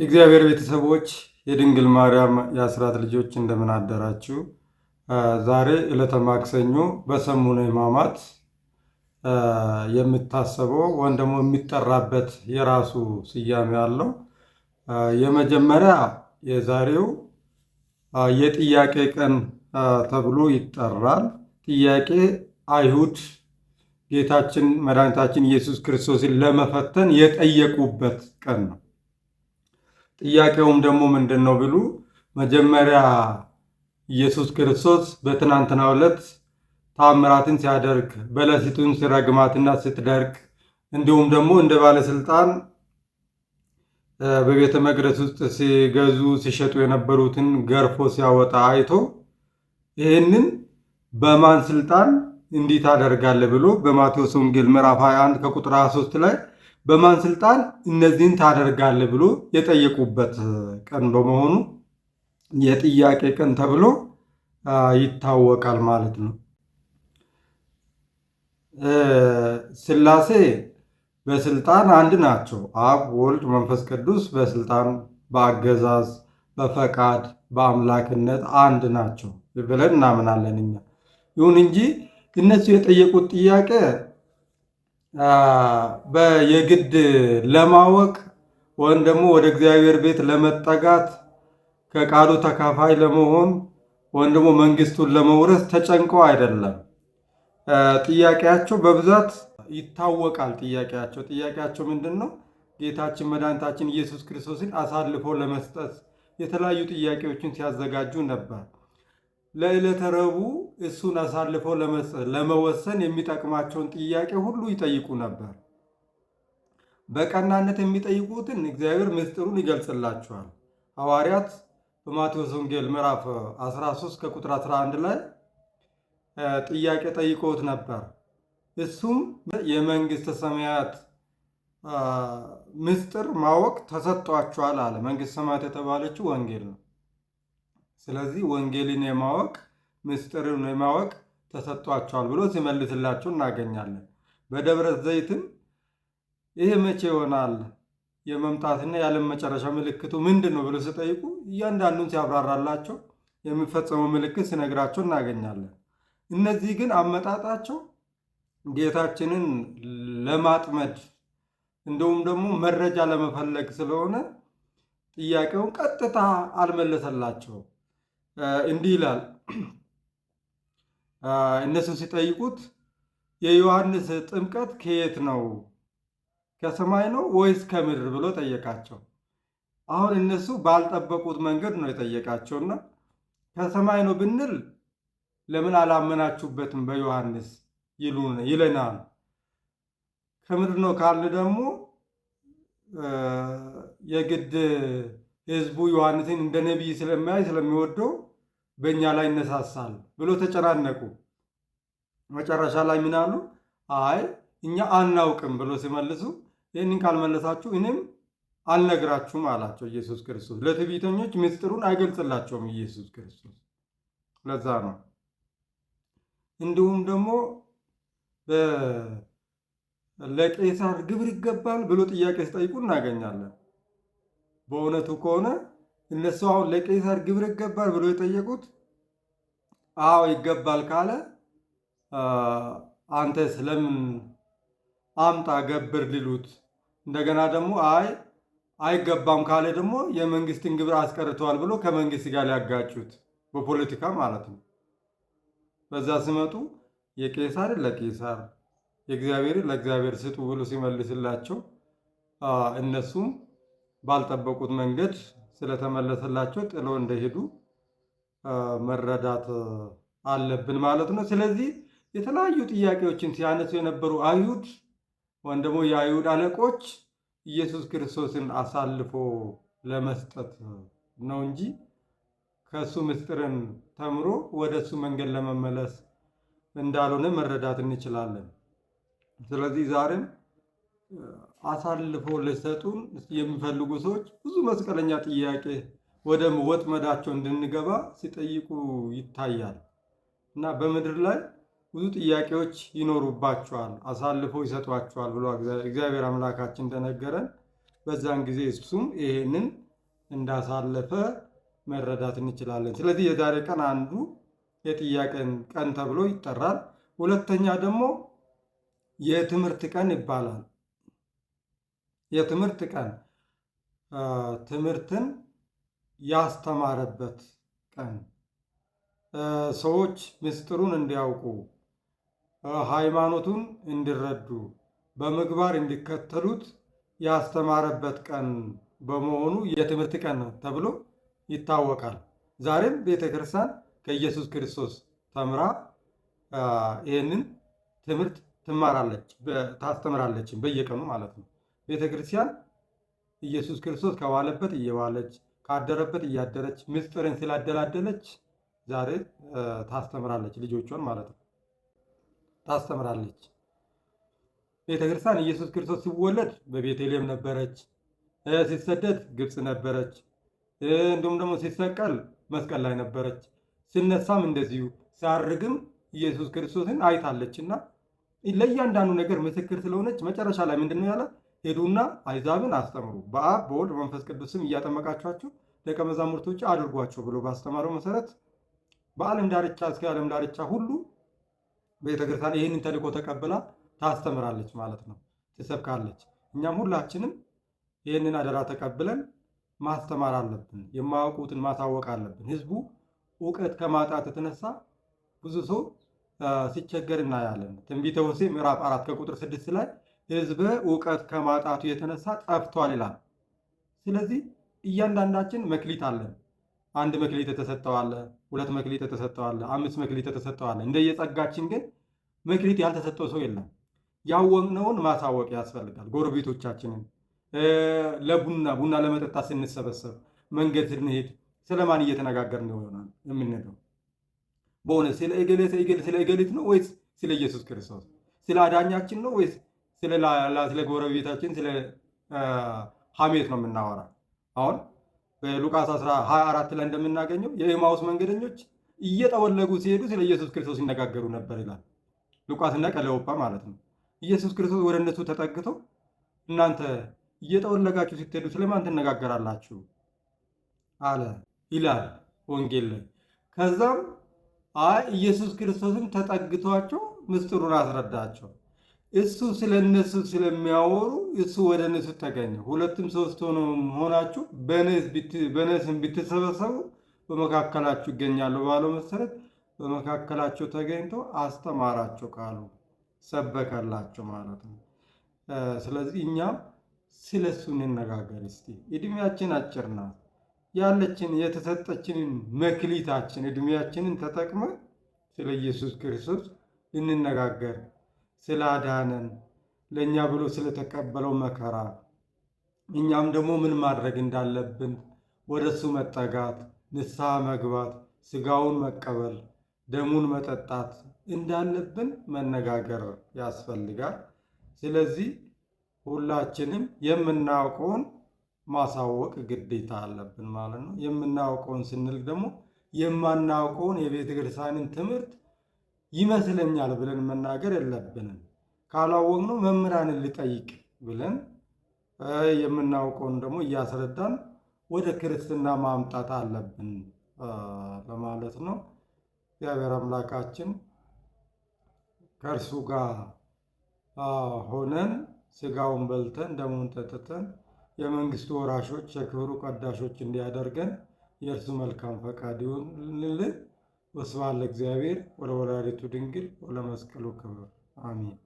የእግዚአብሔር ቤተሰቦች የድንግል ማርያም የአስራት ልጆች እንደምን አደራችሁ? ዛሬ ዕለተ ማክሰኞ በሰሙነ ሕማማት የምታሰበው ወይም ደግሞ የሚጠራበት የራሱ ስያሜ አለው። የመጀመሪያ የዛሬው የጥያቄ ቀን ተብሎ ይጠራል። ጥያቄ አይሁድ ጌታችን መድኃኒታችን ኢየሱስ ክርስቶስን ለመፈተን የጠየቁበት ቀን ነው። ጥያቄውም ደግሞ ምንድን ነው ብሉ መጀመሪያ ኢየሱስ ክርስቶስ በትናንትና ዕለት ታምራትን ሲያደርግ በለሲቱን ሲረግማትና ስትደርቅ እንዲሁም ደግሞ እንደ ባለስልጣን በቤተ መቅደስ ውስጥ ሲገዙ ሲሸጡ የነበሩትን ገርፎ ሲያወጣ አይቶ ይህንን በማን ስልጣን እንዲህ ታደርጋለህ ብሎ በማቴዎስ ወንጌል ምዕራፍ 21 ከቁጥር 23 ላይ በማን ስልጣን እነዚህን ታደርጋለህ ብሎ የጠየቁበት ቀን በመሆኑ የጥያቄ ቀን ተብሎ ይታወቃል ማለት ነው። ስላሴ በስልጣን አንድ ናቸው። አብ ወልድ፣ መንፈስ ቅዱስ በስልጣን በአገዛዝ በፈቃድ በአምላክነት አንድ ናቸው ብለን እናምናለን እኛ። ይሁን እንጂ እነሱ የጠየቁት ጥያቄ የግድ ለማወቅ ወይም ደግሞ ወደ እግዚአብሔር ቤት ለመጠጋት ከቃሉ ተካፋይ ለመሆን ወይም ደግሞ መንግስቱን ለመውረስ ተጨንቀው አይደለም። ጥያቄያቸው በብዛት ይታወቃል። ጥያቄያቸው ጥያቄያቸው ምንድን ነው? ጌታችን መድኃኒታችን ኢየሱስ ክርስቶስን አሳልፎ ለመስጠት የተለያዩ ጥያቄዎችን ሲያዘጋጁ ነበር። ለዕለተ ረቡዕ እሱን አሳልፈው ለመወሰን የሚጠቅማቸውን ጥያቄ ሁሉ ይጠይቁ ነበር። በቀናነት የሚጠይቁትን እግዚአብሔር ምስጢሩን ይገልጽላቸዋል። ሐዋርያት በማቴዎስ ወንጌል ምዕራፍ 13 ከቁጥር 11 ላይ ጥያቄ ጠይቆት ነበር። እሱም የመንግሥተ ሰማያት ምስጢር ማወቅ ተሰጥቷቸዋል አለ። መንግሥተ ሰማያት የተባለችው ወንጌል ነው። ስለዚህ ወንጌልን የማወቅ ምስጢርን የማወቅ ተሰጥቷቸዋል ብሎ ሲመልስላቸው እናገኛለን። በደብረ ዘይትም ይህ መቼ ይሆናል የመምጣትና የዓለም መጨረሻ ምልክቱ ምንድን ነው ብሎ ሲጠይቁ እያንዳንዱን ሲያብራራላቸው የሚፈጸመው ምልክት ሲነግራቸው እናገኛለን። እነዚህ ግን አመጣጣቸው ጌታችንን ለማጥመድ እንደውም ደግሞ መረጃ ለመፈለግ ስለሆነ ጥያቄውን ቀጥታ አልመለሰላቸውም። እንዲህ ይላል። እነሱ ሲጠይቁት የዮሐንስ ጥምቀት ከየት ነው ከሰማይ ነው ወይስ ከምድር ብሎ ጠየቃቸው። አሁን እነሱ ባልጠበቁት መንገድ ነው የጠየቃቸውና ከሰማይ ነው ብንል ለምን አላመናችሁበትም በዮሐንስ ይሉን ይለናል። ከምድር ነው ካልን ደግሞ የግድ ህዝቡ ዮሐንስን እንደ ነቢይ ስለሚያይ ስለሚወደው በእኛ ላይ ይነሳሳል ብሎ ተጨናነቁ። መጨረሻ ላይ ምን አሉ? አይ እኛ አናውቅም ብሎ ሲመልሱ ይህንን ካልመለሳችሁ እኔም አልነግራችሁም አላቸው ኢየሱስ ክርስቶስ። ለትዕቢተኞች ምስጢሩን አይገልጽላቸውም ኢየሱስ ክርስቶስ። ለዛ ነው እንዲሁም ደግሞ ለቄሳር ግብር ይገባል ብሎ ጥያቄ ሲጠይቁ እናገኛለን። በእውነቱ ከሆነ እነሱ አሁን ለቄሳር ግብር ይገባል ብሎ የጠየቁት አዎ ይገባል ካለ አንተ ስለምን አምጣ ገብር ሊሉት፣ እንደገና ደግሞ አይ አይገባም ካለ ደግሞ የመንግስትን ግብር አስቀርተዋል ብሎ ከመንግስት ጋር ሊያጋጩት በፖለቲካ ማለት ነው። በዛ ሲመጡ የቄሳር ለቄሳር የእግዚአብሔርን ለእግዚአብሔር ስጡ ብሎ ሲመልስላቸው እነሱም ባልጠበቁት መንገድ ስለተመለሰላቸው ጥለው እንደሄዱ መረዳት አለብን ማለት ነው። ስለዚህ የተለያዩ ጥያቄዎችን ሲያነሱ የነበሩ አይሁድ ወይም ደግሞ የአይሁድ አለቆች ኢየሱስ ክርስቶስን አሳልፎ ለመስጠት ነው እንጂ ከእሱ ምስጢርን ተምሮ ወደ እሱ መንገድ ለመመለስ እንዳልሆነ መረዳት እንችላለን። ስለዚህ ዛሬም አሳልፎ ሊሰጡን የሚፈልጉ ሰዎች ብዙ መስቀለኛ ጥያቄ ወደ ወጥመዳቸው እንድንገባ ሲጠይቁ ይታያል እና በምድር ላይ ብዙ ጥያቄዎች ይኖሩባቸዋል፣ አሳልፎ ይሰጧቸዋል ብሎ እግዚአብሔር አምላካችን እንደነገረን በዛን ጊዜ እሱም ይሄንን እንዳሳለፈ መረዳት እንችላለን። ስለዚህ የዛሬ ቀን አንዱ የጥያቄን ቀን ተብሎ ይጠራል። ሁለተኛ ደግሞ የትምህርት ቀን ይባላል። የትምህርት ቀን ትምህርትን ያስተማረበት ቀን ሰዎች ምስጢሩን እንዲያውቁ ሃይማኖቱን እንዲረዱ በምግባር እንዲከተሉት ያስተማረበት ቀን በመሆኑ የትምህርት ቀን ተብሎ ይታወቃል። ዛሬም ቤተ ክርስቲያን ከኢየሱስ ክርስቶስ ተምራ ይህንን ትምህርት ትማራለች፣ ታስተምራለችን በየቀኑ ማለት ነው። ቤተ ክርስቲያን ኢየሱስ ክርስቶስ ከዋለበት እየዋለች ካደረበት እያደረች ምስጢርን ስላደላደለች ዛሬ ታስተምራለች፣ ልጆቿን ማለት ነው ታስተምራለች። ቤተ ክርስቲያን ኢየሱስ ክርስቶስ ሲወለድ በቤተልሔም ነበረች፣ ሲሰደድ ግብፅ ነበረች፣ እንዲሁም ደግሞ ሲሰቀል መስቀል ላይ ነበረች፣ ሲነሳም እንደዚሁ ሲያርግም ኢየሱስ ክርስቶስን አይታለችና ለእያንዳንዱ ነገር ምስክር ስለሆነች መጨረሻ ላይ ምንድን ነው ያላት? ሄዱና አይዛብን አስተምሩ በአብ በወልድ በመንፈስ ቅዱስም እያጠመቃችኋቸው ደቀ መዛሙርቶች አድርጓቸው ብሎ ባስተማረው መሰረት በዓለም ዳርቻ እስከ ዓለም ዳርቻ ሁሉ ቤተክርስቲያን ይህንን ተልእኮ ተቀብላ ታስተምራለች ማለት ነው፣ ትሰብካለች። እኛም ሁላችንም ይህንን አደራ ተቀብለን ማስተማር አለብን። የማያውቁትን ማሳወቅ አለብን። ህዝቡ እውቀት ከማጣት የተነሳ ብዙ ሰው ሲቸገር እናያለን። ትንቢተ ሆሴዕ ምዕራፍ አራት ከቁጥር ስድስት ላይ ህዝበ እውቀት ከማጣቱ የተነሳ ጠፍቷል ይላል። ስለዚህ እያንዳንዳችን መክሊት አለን። አንድ መክሊት የተሰጠዋለ፣ ሁለት መክሊት የተሰጠዋለ፣ አምስት መክሊት የተሰጠዋለ። እንደየጸጋችን ግን መክሊት ያልተሰጠው ሰው የለም። ያወቅነውን ማሳወቅ ያስፈልጋል። ጎረቤቶቻችንን ለቡና ቡና ለመጠጣት ስንሰበሰብ መንገድ ስንሄድ ስለማን እየተነጋገር ነው ይሆናል የምንለው? በእውነት ስለ እገሌ ስለ እገሊት ነው ወይስ ስለ ኢየሱስ ክርስቶስ ስለ አዳኛችን ነው ወይስ ስለ ጎረቤታችን ስለ ሐሜት ነው የምናወራ። አሁን በሉቃስ 24 ላይ እንደምናገኘው የኤማውስ መንገደኞች እየጠወለጉ ሲሄዱ ስለ ኢየሱስ ክርስቶስ ይነጋገሩ ነበር ይላል ሉቃስና ቀለዮጳ ማለት ነው። ኢየሱስ ክርስቶስ ወደ እነሱ ተጠግቶ እናንተ እየጠወለጋችሁ ስትሄዱ ስለማን ትነጋገራላችሁ አለ ይላል ወንጌል ላይ። ከዛም አይ ኢየሱስ ክርስቶስን ተጠግቷቸው ምስጢሩን አስረዳቸው። እሱ ስለ እነሱ ስለሚያወሩ እሱ ወደ እነሱ ተገኘ። ሁለቱም ሶስት ሆኖ መሆናችሁ በነስም ብትሰበሰቡ በመካከላችሁ ይገኛሉ ባለው መሰረት በመካከላቸው ተገኝቶ አስተማራቸው ቃሉ ሰበከላቸው ማለት ነው። ስለዚህ እኛም ስለ እሱ እንነጋገር እስቲ። እድሜያችን አጭር ናት። ያለችን የተሰጠችንን መክሊታችን እድሜያችንን ተጠቅመን ስለ ኢየሱስ ክርስቶስ ልንነጋገር ስላዳነን ለእኛ ብሎ ስለተቀበለው መከራ እኛም ደግሞ ምን ማድረግ እንዳለብን ወደ እሱ መጠጋት፣ ንስሐ መግባት፣ ስጋውን መቀበል፣ ደሙን መጠጣት እንዳለብን መነጋገር ያስፈልጋል። ስለዚህ ሁላችንም የምናውቀውን ማሳወቅ ግዴታ አለብን ማለት ነው። የምናውቀውን ስንል ደግሞ የማናውቀውን የቤተ ክርስቲያንን ትምህርት ይመስለኛል ብለን መናገር የለብንም። ካላወቅነው መምህራንን ልጠይቅ ብለን የምናውቀውን ደግሞ እያስረዳን ወደ ክርስትና ማምጣት አለብን ለማለት ነው። እግዚአብሔር አምላካችን ከእርሱ ጋር ሆነን ስጋውን በልተን ደሙን ጠጥተን የመንግስቱ ወራሾች የክብሩ ቀዳሾች እንዲያደርገን የእርሱ መልካም ፈቃድ ይሁንልን። ወስብሐት ለእግዚአብሔር ወለወላዲቱ ድንግል ወለመስቀሉ ክብር አሜን።